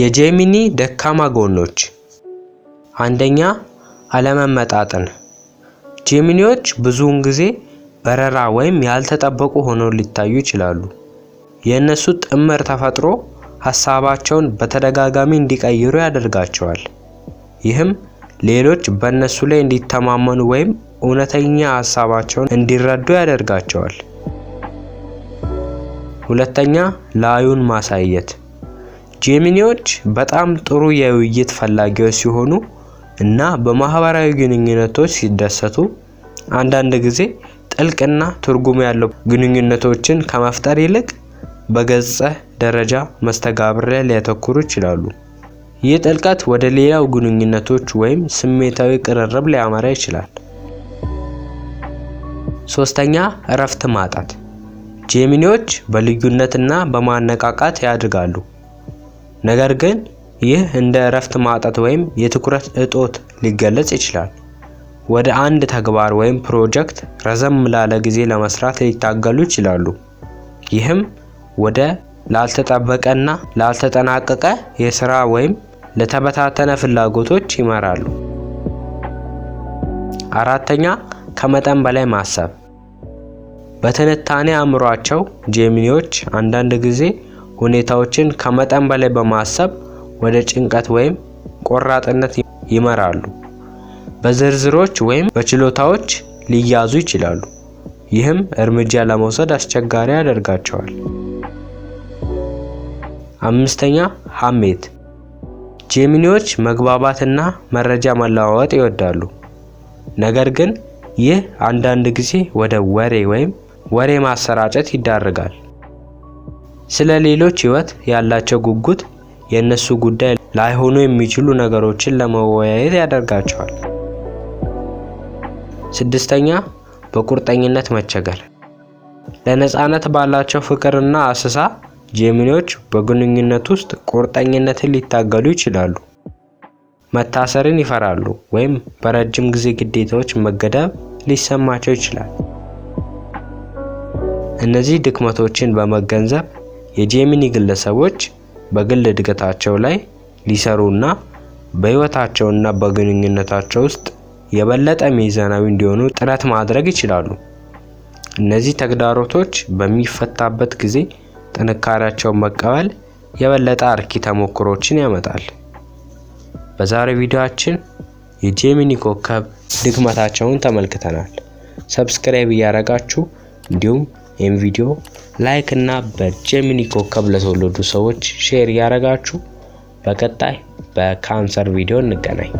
የጄሚኒ ደካማ ጎኖች አንደኛ አለመመጣጠን ጄሚኒዎች ብዙውን ጊዜ በረራ ወይም ያልተጠበቁ ሆነው ሊታዩ ይችላሉ። የእነሱ ጥምር ተፈጥሮ ሐሳባቸውን በተደጋጋሚ እንዲቀይሩ ያደርጋቸዋል። ይህም ሌሎች በእነሱ ላይ እንዲተማመኑ ወይም እውነተኛ ሐሳባቸውን እንዲረዱ ያደርጋቸዋል። ሁለተኛ ላዩን ማሳየት ጄሚኒዎች በጣም ጥሩ የውይይት ፈላጊዎች ሲሆኑ እና በማህበራዊ ግንኙነቶች ሲደሰቱ አንዳንድ ጊዜ ጥልቅና ትርጉም ያለው ግንኙነቶችን ከመፍጠር ይልቅ በገጸ ደረጃ መስተጋብር ላይ ሊያተኩሩ ይችላሉ። ይህ ጥልቀት ወደ ሌላው ግንኙነቶች ወይም ስሜታዊ ቅርርብ ሊያመራ ይችላል። ሶስተኛ እረፍት ማጣት ጄሚኒዎች በልዩነትና በማነቃቃት ያድጋሉ። ነገር ግን ይህ እንደ እረፍት ማጣት ወይም የትኩረት እጦት ሊገለጽ ይችላል። ወደ አንድ ተግባር ወይም ፕሮጀክት ረዘም ላለ ጊዜ ለመስራት ሊታገሉ ይችላሉ። ይህም ወደ ላልተጠበቀና ላልተጠናቀቀ የስራ ወይም ለተበታተነ ፍላጎቶች ይመራሉ። አራተኛ ከመጠን በላይ ማሰብ። በትንታኔ አእምሯቸው ጄሚኒዎች አንዳንድ ጊዜ ሁኔታዎችን ከመጠን በላይ በማሰብ ወደ ጭንቀት ወይም ቆራጥነት ይመራሉ። በዝርዝሮች ወይም በችሎታዎች ሊያዙ ይችላሉ። ይህም እርምጃ ለመውሰድ አስቸጋሪ ያደርጋቸዋል። አምስተኛ ሀሜት። ጄሚኒዎች መግባባትና መረጃ መለዋወጥ ይወዳሉ። ነገር ግን ይህ አንዳንድ ጊዜ ወደ ወሬ ወይም ወሬ ማሰራጨት ይዳርጋል። ስለ ሌሎች ህይወት ያላቸው ጉጉት የእነሱ ጉዳይ ላይሆኑ የሚችሉ ነገሮችን ለመወያየት ያደርጋቸዋል። ስድስተኛ በቁርጠኝነት መቸገር። ለነፃነት ባላቸው ፍቅርና አስሳ ጄሚኒዎች በግንኙነት ውስጥ ቁርጠኝነትን ሊታገሉ ይችላሉ። መታሰርን ይፈራሉ ወይም በረጅም ጊዜ ግዴታዎች መገደብ ሊሰማቸው ይችላል። እነዚህ ድክመቶችን በመገንዘብ የጄሚኒ ግለሰቦች በግል እድገታቸው ላይ ሊሰሩና በህይወታቸውና በግንኙነታቸው ውስጥ የበለጠ ሚዛናዊ እንዲሆኑ ጥረት ማድረግ ይችላሉ። እነዚህ ተግዳሮቶች በሚፈታበት ጊዜ ጥንካሬያቸውን መቀበል የበለጠ አርኪ ተሞክሮችን ያመጣል። በዛሬው ቪዲዮአችን የጄሚኒ ኮከብ ድክመታቸውን ተመልክተናል። ሰብስክራይብ እያደረጋችሁ እንዲሁም ይህም ቪዲዮ ላይክ እና በጀሚኒ ኮከብ ለተወለዱ ሰዎች ሼር ያደረጋችሁ በቀጣይ በካንሰር ቪዲዮ እንገናኝ።